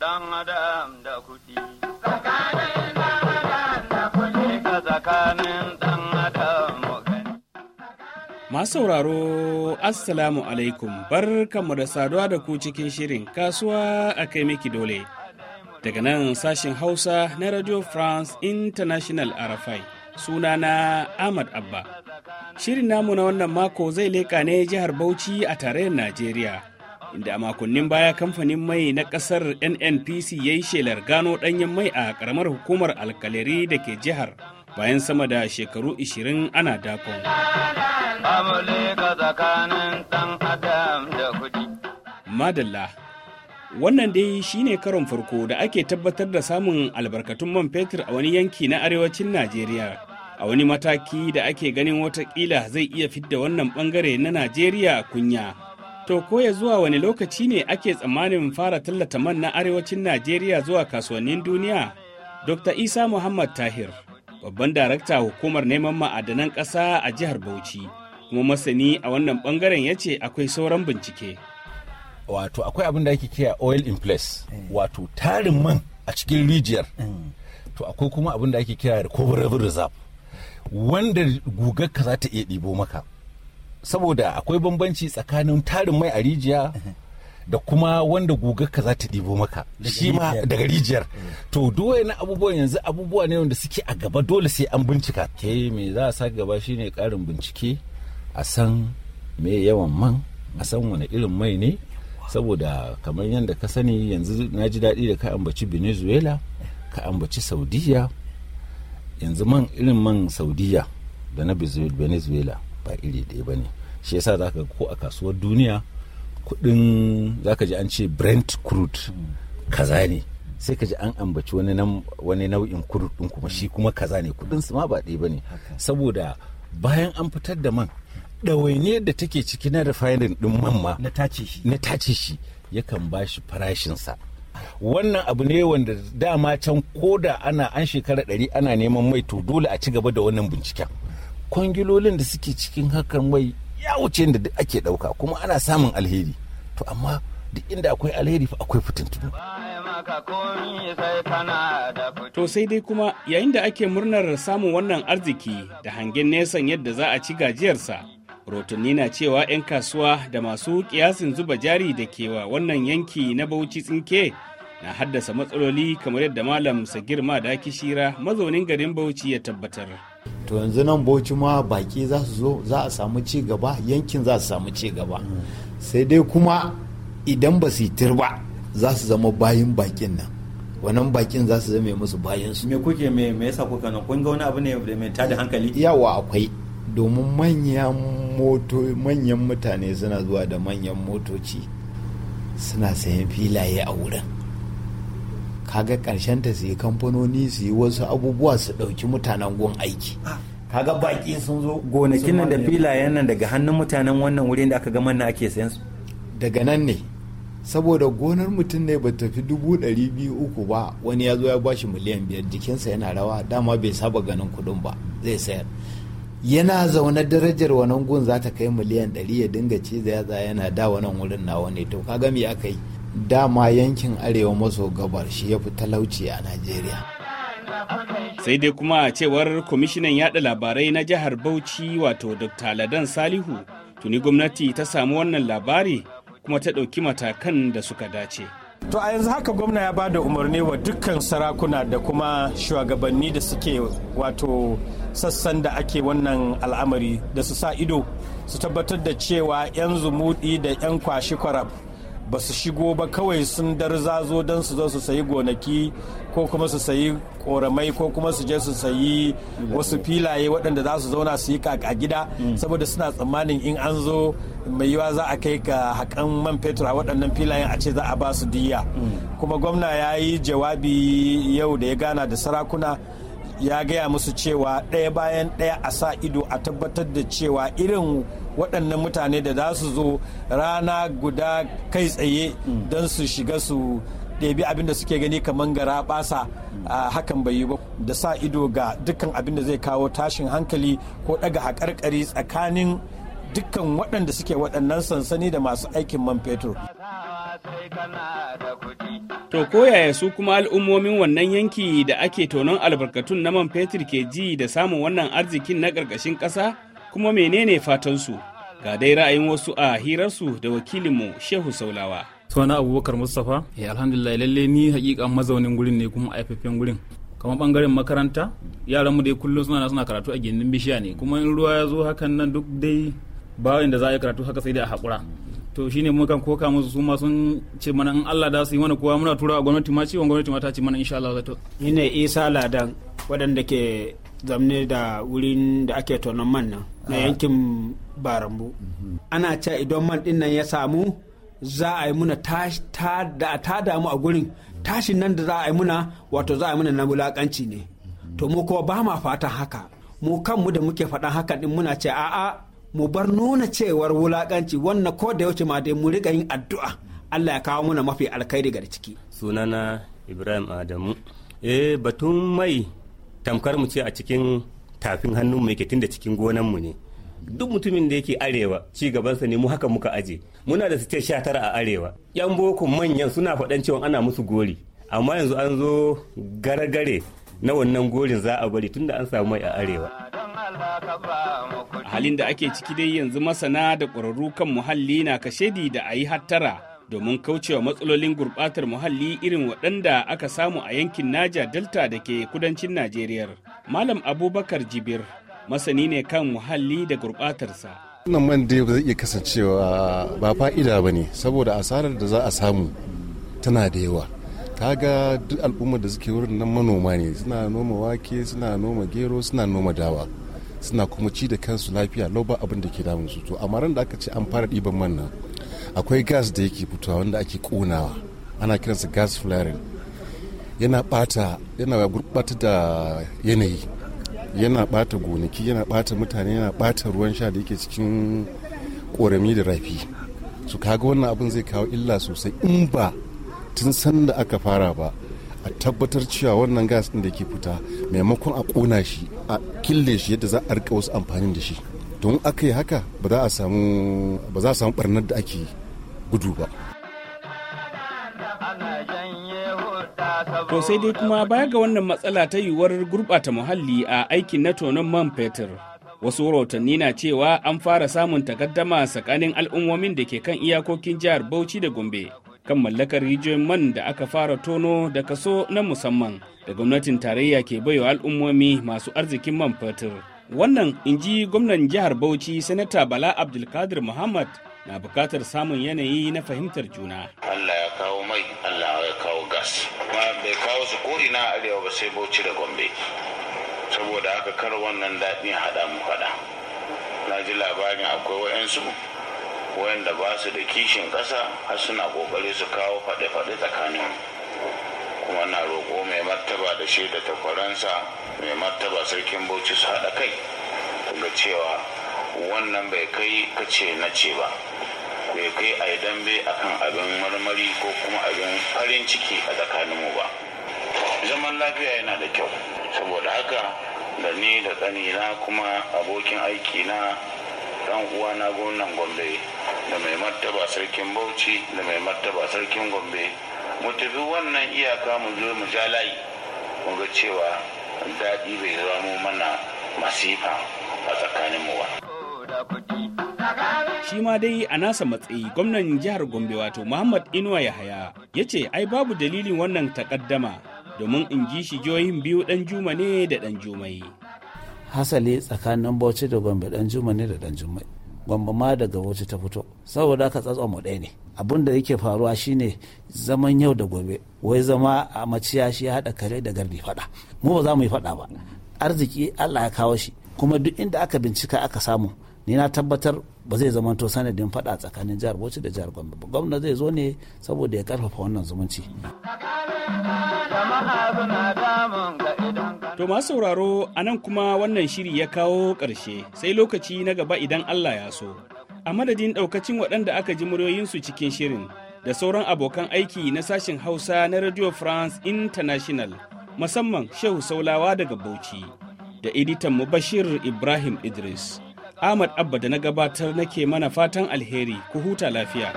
Dan adam da kuɗi. Masu sauraro, Assalamu alaikum, bar kanmu da saduwa da ku cikin shirin kasuwa a kai miki dole. Daga nan sashen Hausa na Radio France International RFI, sunana Ahmad Abba. Shirin namu na wannan mako zai leƙa ne jihar Bauchi a tarayyar Najeriya. inda a makonnin baya kamfanin mai na kasar nnpc ya yi shelar gano danyen mai a karamar hukumar alkaleri da ke jihar bayan sama da shekaru 20 ana dakon madalla wannan dai shine karon farko da ake tabbatar da samun albarkatun man fetur a wani yanki na arewacin najeriya a wani mataki da ake ganin watakila zai iya fidda wannan bangare na najeriya kunya To ko ya zuwa wani lokaci ne ake tsammanin fara tallata man na arewacin Najeriya zuwa kasuwannin duniya? Dr. Isa Muhammad Tahir, babban darakta hukumar neman ma'adanan ƙasa a jihar Bauchi, kuma masani a wannan bangaren ya ce akwai sauran bincike. Wato akwai abin da ake kira oil in place, wato tarin man a cikin rijiyar. To akwai kuma abin da ake kira recoverable reserve, wanda gugarka ka za ta iya ɗibo maka. saboda akwai bambanci tsakanin tarin mai a rijiya da kuma wanda ka za ta ɗibo maka shi ma daga rijiyar mm. to duwaye na abubuwan yanzu abubuwa ne wanda suke a gaba dole sai an bincika ke me za a sa gaba shine karin bincike a san me yawan man a san wani irin mai ne saboda kamar yadda ka sani yanzu na ji daɗi da ka ambaci venezuela ka ambaci saudiya yanzu man irin man saudiya da na venezuela iri ɗaya ba ne shi yasa za ka ko a kasuwar duniya kuɗin za ka ji an ce brent crude kaza ne sai ka ji an ambaci wani nau'in crude ɗin kuma shi kuma kaza ne kuɗin su ma ba ɗaya ba ne saboda bayan an fitar da man ɗawainiyar da take ciki na refinery ɗin man ma na tace shi yakan ba shi farashinsa wannan abu ne wanda dama can koda ana an shekara ɗari ana neman mai to dole a ci gaba da wannan binciken kwangilolin da suke cikin hakan wai ya wuce da ake ɗauka kuma ana samun alheri to amma duk inda akwai alheri fa akwai fitintunu. To sai dai kuma yayin da ake murnar samun wannan arziki da hangen nesan yadda za a ci gajiyarsa, rotunni na cewa 'yan kasuwa da masu kiyasin zuba jari da kewa wannan yanki na bauchi tsinke na haddasa matsaloli kamar yadda malam sagir ma da kishira mazaunin garin bauchi ya tabbatar. to yanzu nan boci ma baki za su zo za a samu ci gaba yankin za su samu ci gaba sai dai kuma idan ba su yi ba za su zama bayin bakin nan wannan bakin za su zama musu bayan su me kuke me me yasa kuka nan kun ga wani abu ne mai tada hankali yawa akwai domin manyan moto manyan mutane suna zuwa da manyan motoci suna sayan filaye a wurin kaga karshen ta su yi kamfanoni su yi wasu abubuwa su ɗauki mutanen gun aiki ah. kaga baki sun zo gonakin nan da filayen nan daga hannun mutanen wannan wurin da aka gama na ake sayan su daga nan ne saboda gonar mutum ne ba tafi dubu ɗari biyu uku ba wani ya zo ya bashi miliyan biyar jikinsa yana rawa dama bai saba ganin kuɗin ba zai sayar yana zaune darajar wannan gun za ta kai miliyan ɗari ya dinga ci ya yana da wannan wurin na wani to kaga me aka yi dama yankin arewa maso gabar shi ya fi talauci a najeriya sai dai kuma a cewar kwamishinan yada labarai na jihar bauchi wato dr ladan salihu tuni gwamnati ta samu wannan labari kuma ta ɗauki matakan da suka dace to a yanzu haka gwamna ya bada umarni wa dukkan sarakuna da kuma shugabanni da suke wato sassan da ake wannan al'amari da su sa ido su tabbatar da cewa 'yan zumudi da 'yan kwashi kwarab ba su shigo ba kawai sun darzazo don su zo su sayi gonaki ko kuma su sayi koramai ko kuma su je su sayi wasu filaye waɗanda za su zauna su yi kaka gida saboda suna tsammanin in an zo mai yiwa za a kai ga haƙan man fetur a waɗannan filayen a ce za a ba su diya kuma gwamna ya yi jawabi yau da ya gana da sarakuna ya gaya musu cewa ɗaya bayan ɗaya a sa ido a tabbatar da cewa irin waɗannan mutane da za su zo rana guda kai tsaye don su shiga su ɗebi abin da suke gani kamar gara basa a hakan bai yi ba da sa ido ga dukkan abin da zai kawo tashin hankali ko ɗaga haƙarƙari tsakanin dukkan waɗanda suke waɗannan sansani da masu aikin man fetur. To koyaya su kuma al'ummomin wannan yanki da ake tonon albarkatun na man fetur ke ji da samun wannan arzikin na ƙarƙashin ƙasa kuma menene fatansu? Ga dai ra'ayin wasu a hirarsu da wakilinmu Shehu Saulawa. Suna Abubakar Mustapha, ya eh, alhamdulillah lalle ni hakika mazaunin gurin ne kuma aifafen gurin. kamar bangaren makaranta yaran mu dai kullum suna suna karatu a gindin bishiya ne kuma in ruwa ya zo hakan nan duk dai ba da za a yi karatu haka sai dai a haƙura to shine mun kan koka musu su ma sun ce mana in Allah da su yi mana kowa muna tura a gwamnati ma ciwon gwamnati ma ta ce mana insha Allah zato ni ne Isa Ladan waɗanda ke zamne da wurin da ake tonon man nan na ah. yankin Barambu ana ce idan man ɗin nan ya samu za a yi muna ta damu a gurin tashin nan da za a yi muna wato za a yi muna na wulaƙanci ne to mu kuwa ba ma fatan haka mu kanmu da muke faɗan haka ɗin muna ce a'a mu bar nuna cewar wulakanci wannan ko da yauce ma dai mu riƙa yin addu'a Allah ya kawo muna mafi alkhairi ga ciki sunana Ibrahim Adamu eh batun mai tamkar mu ce a cikin tafin hannun mu yake tunda cikin gonan mu ne duk mutumin da yake arewa ci gabansa ne mu haka muka aje muna da state sha tara a arewa yan boko manyan suna faɗan cewa ana musu gori amma yanzu an zo garagare na wannan gorin za a bari tunda an samu mai a arewa halin da ake ciki dai yanzu masana da ƙwararru kan muhalli na kashedi da a yi hattara domin kaucewa matsalolin gurbatar muhalli irin waɗanda aka samu a yankin Naja Delta da ke kudancin Najeriya. Malam Abubakar Jibir masani ne kan muhalli da gurbatarsa. Wannan man dai zai iya kasancewa ah, ba fa'ida ba ne saboda asarar da za a samu tana da yawa. Kaga duk al'ummar da suke wurin nan manoma ne suna noma wake suna noma gero suna noma dawa. suna kuma ci da kansu lafiya lau ba abin da ke damun su to amma ran da aka ce an fara ɗiban man nan akwai gas da yake fitowa wanda ake ƙonawa ana kiransa gas flaring yana bata yana gurɓata da yanayi yana bata gonaki yana bata mutane yana bata ruwan sha da yake cikin ƙorami da rafi su kaga wannan abin zai kawo illa sosai in ba tun sanda aka fara ba a tabbatar cewa wannan gas din da ke fita maimakon a kona shi a kille shi yadda za a rika wasu amfanin da shi don aka yi haka ba za a samu ba za a samu barnar da ake gudu ba to sai dai kuma baya ga wannan matsala ta yiwuwar gurbata muhalli a aikin na tonon man fetur wasu rahotanni na cewa an fara samun takaddama tsakanin al'ummomin da ke kan iyakokin jihar bauchi da gombe kan mallakar rijiyoyin man da aka fara tono da kaso na musamman da gwamnatin tarayya ke baiwa al'ummomi masu arzikin man fetur. Wannan in ji gwamnan jihar Bauchi Sanata Bala Abdulkadir Muhammad na bukatar samun yanayi na fahimtar juna. Allah ya kawo mai, Allah ya kawo gas. Kuma bai kawo su ko ina arewa ba sai Bauchi da Gombe. Saboda aka kar wannan daɗin haɗa mu faɗa. Na ji labarin akwai wa'yansu wayanda ba su da kishin ƙasa har suna ƙoƙari su kawo faɗe-faɗe tsakanin kuma na roƙo mai martaba da shi da takwaransa mai martaba sarkin bauchi su haɗa kai ga cewa wannan bai kai kace na ce ba bai kai a dambe akan abin marmari ko kuma abin farin ciki a tsakanin mu ba zaman lafiya yana da kyau saboda haka da ni da ɗanina kuma abokin aiki na ɗan uwana gwamnan gombe da mai martaba sarkin bauchi da mai martaba sarkin gombe mu tafi wannan iyaka mu zo mu ja layi mu ga cewa daɗi bai zama mana masifa a tsakanin mu ba. Shi ma dai a nasa matsayi gwamnan jihar Gombe wato Muhammad Inuwa Yahaya ya ce ai babu dalilin wannan takaddama domin in ji shi joyin biyu ɗan juma ne da ɗan jumai. Hasali tsakanin Bauchi da Gombe ɗan juma ne da ɗan jumai. gwamba ma daga waje ta fito saboda haka tsatson mu ɗaya ne abin da yake faruwa shine zaman yau da gobe wai zama a maciya shi ya haɗa kare da garbi faɗa mu ba za mu yi faɗa ba arziki Allah ya kawo shi kuma duk inda aka bincika aka samu ni na tabbatar ba zai zama to sanadin faɗa tsakanin jihar bauchi da jihar gombe gwamna zai zo ne saboda ya karfafa wannan zumunci jama'a suna damun To masu sauraro a nan kuma wannan shiri ya kawo ƙarshe sai lokaci na gaba idan Allah ya so. A madadin ɗaukacin waɗanda aka ji muryoyinsu cikin shirin da sauran abokan aiki na sashen Hausa na Radio France International musamman Shehu Saulawa daga Bauchi da editan mu Bashir Ibrahim Idris. Ahmad Abba da na gabatar nake mana fatan alheri ku huta lafiya.